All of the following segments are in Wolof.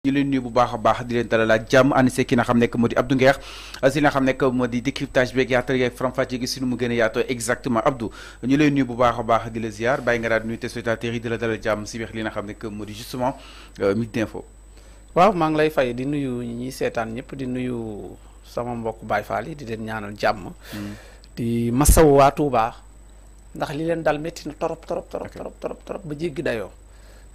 ñu leen nuyu bu baax a baax di leen dalal ak jàmm ànd see ki nga xam nekk moo di Abdou Ngeex si nga xam nekk moo di décryptage beeg yaatal yeeg faram-fàcce gi si mu gën a yaatoo exactement Abdou ñu leen nuyu bu baax a baax di la ziar bàyyi nga daal nuyu téléspectateurs yi di la dalal jàmm si weex li nga xam nekk moo di justement euh, Midi Info waaw maa ngi lay fay di nuyu ñi seetaan ñëpp di nuyu sama mbokk Baye Fall di leen ñaanal jàmm hmm. di masawu waa Touba ndax li leen dal métti na torop torop torop torop torop torop ba jéggi dayoo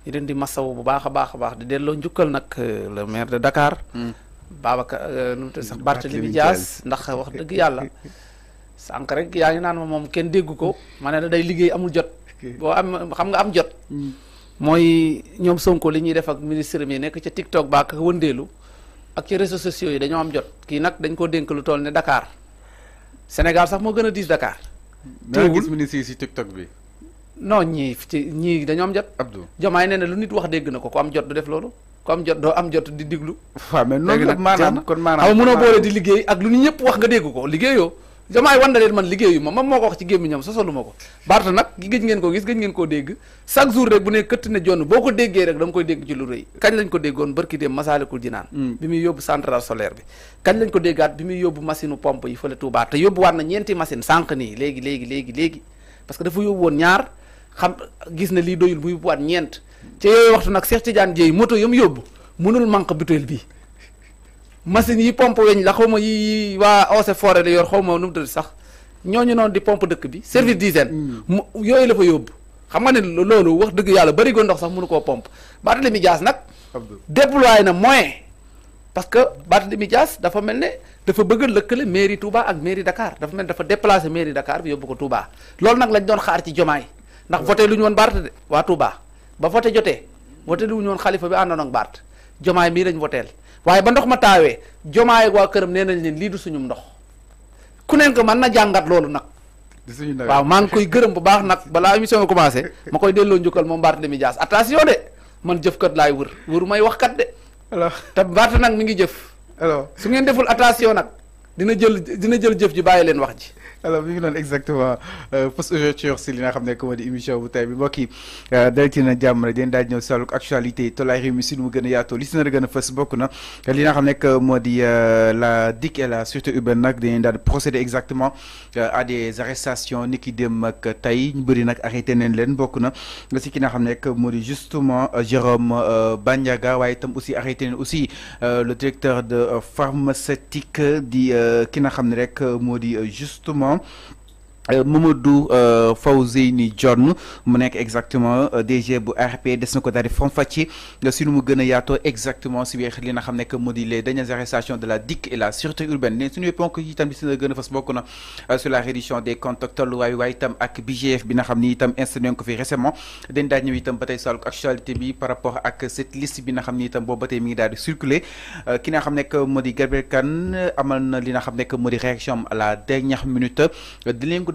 Irin di masa bu baax ka baax ka baax di delon jukal nak euh, le maire de Dakar. Hmm. Babacar euh, nu mu sax di Dias ndax wax dëgg yàlla. sànq rek yaa ngi naan ma moom kenn déggu ko mana ne la day liggéey amul jot. bo am xam nga am jot. Hmm. mooy ñoom Sonko li ñuy def ak ministre mi nekk ca TikTok ba ak wëndeelu ak ci réseaux sociaux yi nyom am jot nak nag dañ ko dénk lu toll ne Dakar Senegar sax mo gën a Dakar. teewul gis ministre yi TikTok bi. non ñii ci ñii dañoo jot. Abdou Diomaye nee na lu nit wax dégg na ko ko am jot du def loolu ku am jot doo am jot di diglu. waaw mais noonu la maanaam kon maanaam nga dégg ko liggéeyoo. Diomaye wan na leen man liggéeyu ma moom moo ko wax ci gémmiñam sosalu ma ko Barth nag gëj ngeen ko gis gëj ngeen koo dégg chaque jour rek bu ne këtt ne jonn boo ko déggee rek da nga koy dégg ci lu rëy kañ lañ ko déggoon barki dem Masaalikul Jinaan hmm. bi muy yóbbu centrale solaire bi kañ lañ ko déggaat bi muy yóbbu machine pompe yi fële Touba te sànq nii léegi léegi léegi léegi parce que dafa yóbbu xam gis na lii doyul muy waat ñeent ca yooyu waxtu nag Cheikh Tidiane Dieye moto yam yóbbu mënul manque butéel bi machine yi pompe weñ la xaw ma yi waa Eaux et la yor xaw ma nu mu tudd sax ñooñu noonu di pompe dëkk bi service d'hygiène mm. mu yooyu la yóbbu xam nga ne loolu wax dëgg yàlla bari go ndox sax mënu koo pompe Barthélémy Dias nag déployé na moyen parce que Barthélémy Dias dafa mel ne dafa bëgg a lëkkale mairie Touba ak mairie Dakar dafa mel ne dafa déplacé mairie Dakar bi yóbbu ko tubaa loolu nag lañ doon xaar ci jomaay Nak voté luñu won watu de wa Touba ba voté jotee voté luñu won khalifa bi andon ak Barth jomaay mi lañ votel waye ba ndox ma tawé jomaay waa këram nee nañ leen lii du suñu ndox ku nekk man na jàngat loolu nag waaw ma ngi koy gërëm bu baax nak bala émission bi commencé ma koy ñukal mom demi jass attention de man kat lay wër wër may wax kat de alors te Barth nag mi ngi jëf alors su ngeen deful attention nak dina jël dina jël jëf ji leen wax ji alors bien non exactement Pour ce jour c'est l'un des ne que moo di émission bu tey bi mbokk yi euh, dal ci na tout rek dañ daal ñëw si wàllu actualité tolaay réew mi si nu mu gën a yaatoo li si nar a na li euh, la DIC et la sûreté urbaine nag dañuy daal procéder exactement euh, à des arrestations ni ki dem ak tey ñu bëri nag arrêté nañ leen bokk na si ki nga xam ne justement Jérôme Banyaga waaye itam aussi arrêté aussi le directeur de pharmaceutique di ki n'a xam ne rek moo justement down Euh, Mamadou euh, Fawzeyni Dione mu nekk exactement euh, DG bu RP de na ko daal di si nu mu gën exactement si bien li nga xam que modi les dernières arrestations de la DIC et la sûreté urbaine ne suñu ponk yi itam ci na gën a bokuna sur la réduction des contacts tolluwaay waaye itam ak BGF bi nga xamni ni itam installé ko fi récemment dañ daa ñëw itam ba tey sàllu actualité bi par rapport ak cette liste bi nga xamni ni itam boobu mi ngi circuler ki nga xam que modi di Kane amal na li nga xam que modi réaction à la dernière minute de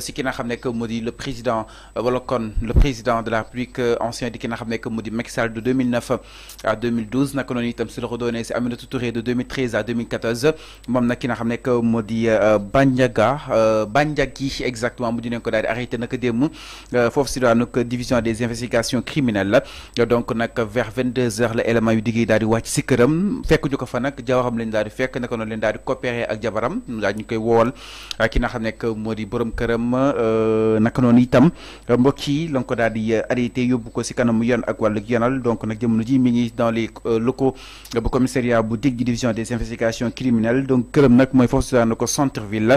si ki n'a xam que moo le président euh, wala kon le président de la République euh, ancien di ki n'a xam que moo Macky Sall de 2009 à 2012 n'a connu itam si le ko doonee si Aminata Touré de 2013 à 2014 mom nag ki n'a xam nekk moo di euh, exactement modi di leen ko daal di arrêté naka démb foofu division des investigations criminelles donc nag vers 22 heures la élément yu diggéey daal di wàcc si këram fekk ñu ko fa nak jawaram lañ daal di fekk nak noonu leen daal di coopérer ak jabaram daal ñu koy woowal ki nga xam que modi borom këram moom euh, naka noonu itam mbokk yi la ko daal euh, arrêté yóbbu ko si kanam yoon ak wàllu yoonal donc nag jamono ji mi ngi dans les euh, locaux bu commissariat bu division des investigations criminelles donc kërëm nak moy force daan na ko centre ville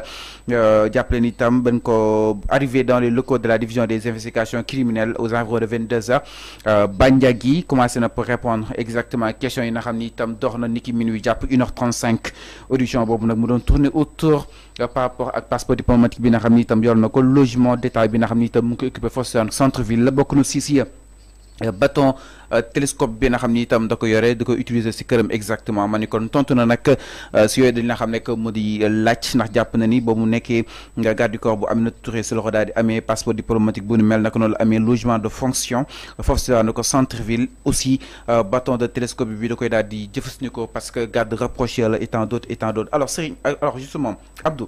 euh jàppale ni itam ben ko arrivé dans les locaux de la division des investigations criminelles aux environs de 22 heures Bandiagui commencé na pour répondre exactement question yi nga xam ni itam dox na niki minuit japp 1 h 35 audition bobu nak mu don tourner autour euh, par rapport à passeport diplomatique bi nga ni itam yor ko logement d'état bi nga xam ni itam mu ngi ko centre ville la bokku na si bâton euh, télescope bien à xam ni itam da ko utiliser exactement manikon tant kon tontu na que euh, si on dañ nga xamné que mu di laaj na ni ba mu nga garde du corps bu Aminata Touré si loxo daal di passeport diplomatique bu nu mel que non la logement de fonction force à notre centre ville aussi euh, bâton de télescope bi dako koy daal di parce que garde rapproché la et d'autres et d'autres alors Serigne alors justement Abdou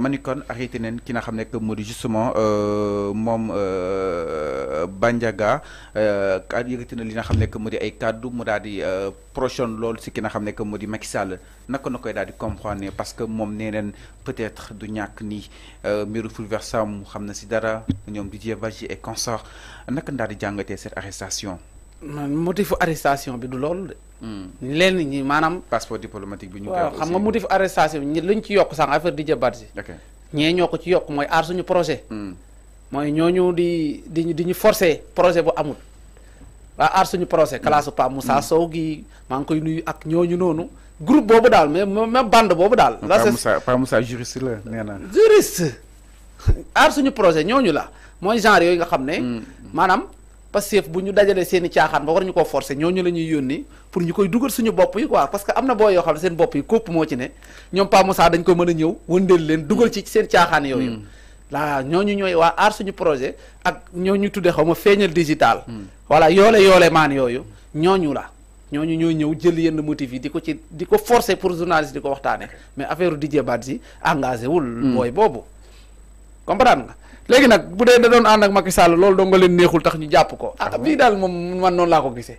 manikon a kon arrêté neen ki na xamné que modi justement mom Bandiaga euh, yëkkati na li nga xam ne que mu ay kàddu mu dadi di euh, prochaine loolu si ki nga xam ne que mu Macky Sall naka nakoy dadi comprendre parce que mom nenen peut-être du ñak ni euh, mbiru Fulbert versam xamna ci dara ñom Didier Badji et consort nak daal di jàngatee cette arrestation. man motif arrestation bi du loolu ni hmm. lenn ni manam passeport diplomatique bi ñu. waaw xam nga motif arrestation bi luñ ci yok sax affaire Didier Badji. ok ñee ñoo ci yok moy ar suñu projet. Hmm. mooy ñooñu di di di ñu forcer projet bu amul. waa aar suñu procès kalaasu Pape Moussa mm. Sow gi maa ngi koy nuyu ak ñooñu noonu groupe boobu daal mais même band boobu daal. la c'est Pape Moussa juriste la nee na. juriste aar suñu procès ñooñu la mooy genre yooyu nga xam ne. Mm. maanaam Pastef bu ñu dajalee seen i caaxaan ba war ñu koo forcer ñooñu la ñuy yónni pour ñu koy dugal suñu bopp yi quoi parce que am na boo yoo xam ne seen bopp yi kópp moo ci ne ñoom Pape Moussa dañ ko mën a ñëw wëndeel leen dugal ci seen caaxaan yooyu. Mm. la ñooñu ñooy waa aar suñu projet ak ñooñu tuddee xaw ma feeñal digital. Hmm. voilà yoole yoole maan yooyu ñooñu la. ñooñu ñoo ñëw jël yenn motifs yi di ko ci di ko forcer pour journaliste di ko waxtaanee mais affaire Didier Badji engagé wul. booy hmm. boobu. comprendre nga léegi nag bu dee da doon ànd ak Macky Sall loolu doo nga leen neexul tax ñu jàpp ko. ah bii ah, daal moom man noonu laa ko gisee.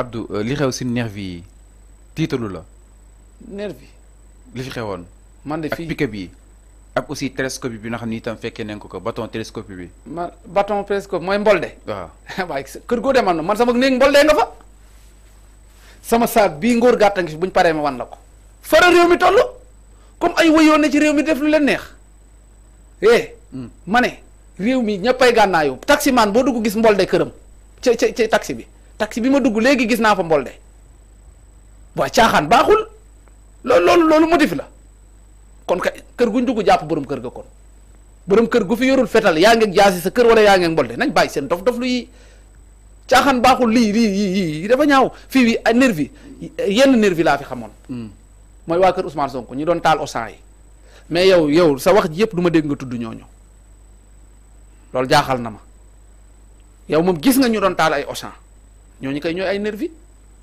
Abdou euh, li xew si nervi yi tiitalu la. nervi li fi xewoon. man de fii ak pick ak aussi télescope bi nga xam ni itam fekkee nañ ko ko bâton télescope bi. ma baton télescope mooy mbolde. waaw waaye kër goo demal na man sama néeg mbolde nga fa. sama saag bii ngóor gàtta ngi fi buñ paree ma wan la ko. fara réew mi toll comme ay wëyoon ne ci réew mi def lu leen neex. eh. Hmm. ma ne réew mi ñëppay gànnaayu taximaan boo dugg gis mbolde këram ci ci ci taxi bi. taxi bima dugg legi gis naa fa mbol de bo chaxan baxul lol lol lol motif la kon ka kër guñ dugg japp borom keur ga kon borom keur gu fi yorul fetal ya ngeeg jasi sa keur wala ya yaa mbol de nañ bay sen dof dof lu yi chaxan baxul li li yii dafa ñaaw fi wi nervi yenn nervi la fi xamone hmm. moy wa keur Ousmane Sonko ñi doon taal osan yi mais yow yow sa wax ji duma du dégg nga tuddu ñoño lol jaaxal na ma yow mom gis nga ñu doon taal ay osan ñooñu kay ñooy ay nervi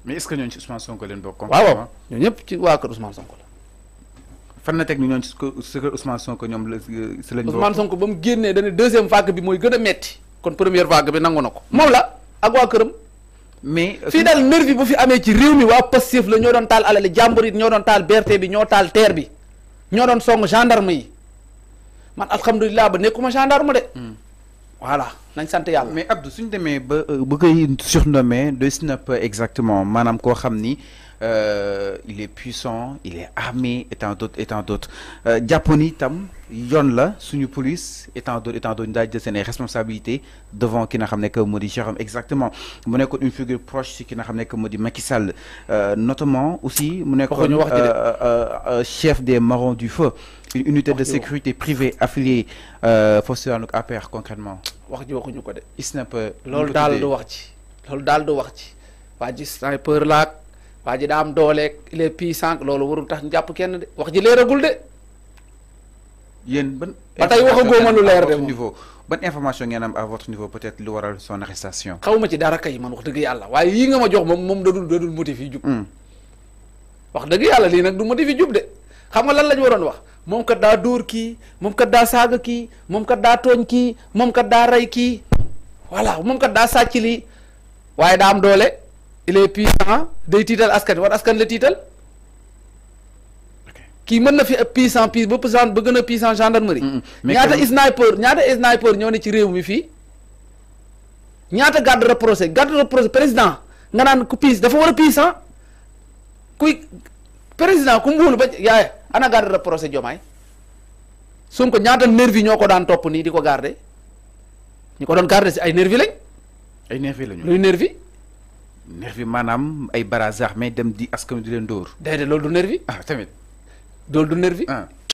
mais est ce que ñooñu ci Ousmane Sonko leen bokk. waaw waaw ñooñu ñëpp ci waa kër Ousmane Sonko la. fan la teg ni ñooñu ci kër Ousmane Sonko ñoom la si lañ. Ousmane Sonko ba mu génnee dañu deuxième vague bi mooy gën a metti kon première vague bi nangu na ko. moom la ak waa këram. mais euh, fii daal nervi bu fi amee ci réew mi waa Pastef la ñoo doon taal alali jàmbur it ñoo doon taal BRT bi ñoo taal terre bi ñoo doon song gendarme yi man alhamdulilah ba nekkuma gendarme de. Hmm voilà mais Abdou suñ demee ba euh, ba surnommé de snap exactement Madame Kohamni, euh, il est puissant il est armé et tant d'autres et tant d'autres euh, la police et en d'autres et tant d'autres responsabilité devant ki Modi xam que exactement mu une figure proche si ki Modi xam que Macky Sall notamment aussi mu chef des marrons du feu une unité de sécurité privée affiliée force APR concrètement wax ji waxuñu ko de. sniper loolu daal du wax ci loolu daal du wax ci dolek, ji sniper laag waa ji daa am dooleeg il est puissant warul tax jàpp kenn de wax ji de. yéen ban. ba tey waxagoo ma lu leer de niveau ban information ngeen am à votre niveau peut être lu waral son arrestation. xaw ma ci dara kay man wax dëgg yàlla waaye yii nga ma jox moom moom dadul dadul motif yi jub. Hmm. wax dëgg yàlla lii du motif yi de. xam nga lan la waroon wax moom kat daa door ki moom kat daa saaga kii moom kat daa tooñ kii moom kat daa ray kii voilà moom kat daa sàcc lii waaye daa am doole il est puissant day tiital askan war askan la tiital kii mën na fi puissant pi ba puissant ba gën a puissant gendarmerie. ñaata sniper ñaata sniper ñoo ne ci réew mi fii ñaata garde rapproché garde rapproché président nga naan ku piis dafa war a puissant kuy président ku mu wóolu ba yaay ana garde rapproché Diomaye Sonko ñaata nervi ñoo ko daan topp nii di ko garde ñu ko doon garde si ay nervi lañ. ay nervi lañu luy nervi. nervi maanaam ay bras armés dem di askan di leen dóor. déedéet loolu du nervi. ah tamit. loolu du nervi. Ah.